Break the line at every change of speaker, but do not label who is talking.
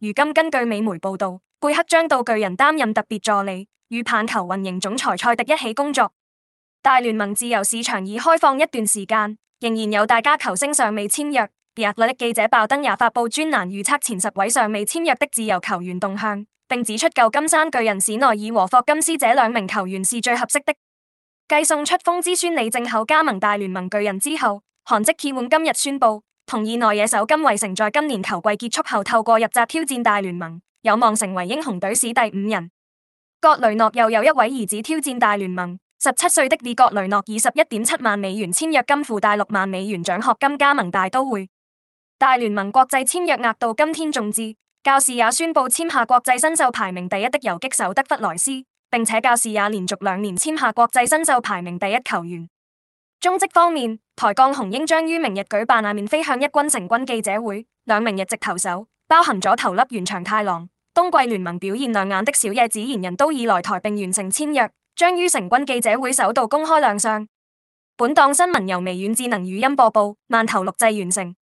如今根據美媒報道，貝克將到巨人擔任特別助理，與棒球運營總裁賽迪一起工作。大聯盟自由市場已開放一段時間，仍然有大家球星尚未簽約。The Athletic 記者爆燈也發佈專欄，預測前十位尚未簽約的自由球員動向，並指出舊金山巨人史內爾和霍金斯這兩名球員是最合適的。繼送出風之孫李正厚加盟大聯盟巨人之後，韓職切換今日宣布，同意內野手金惠成在今年球季結束後透過入閘挑戰大聯盟，有望成為英雄隊史第五人。格雷諾又有一位兒子挑戰大聯盟，十七歲的列格雷諾以十一點七萬美元簽約金附帶六萬美元獎學金加盟大都會。大聯盟國際簽約額度今天終止，教士也宣布簽下國際新秀排名第一的游擊手德弗萊斯，並且教士也連續兩年簽下國際新秀排名第一球員。中職方面，台鋼雄鷹將於明日舉辦阿面飛向一軍成軍記者會，兩名日籍投手包含咗投笠原長太郎、冬季聯盟表現亮眼的小野子賢人都已來台並完成簽約，將於成軍記者會首度公開亮相。本檔新聞由微軟智能語音播報，慢頭錄製完成。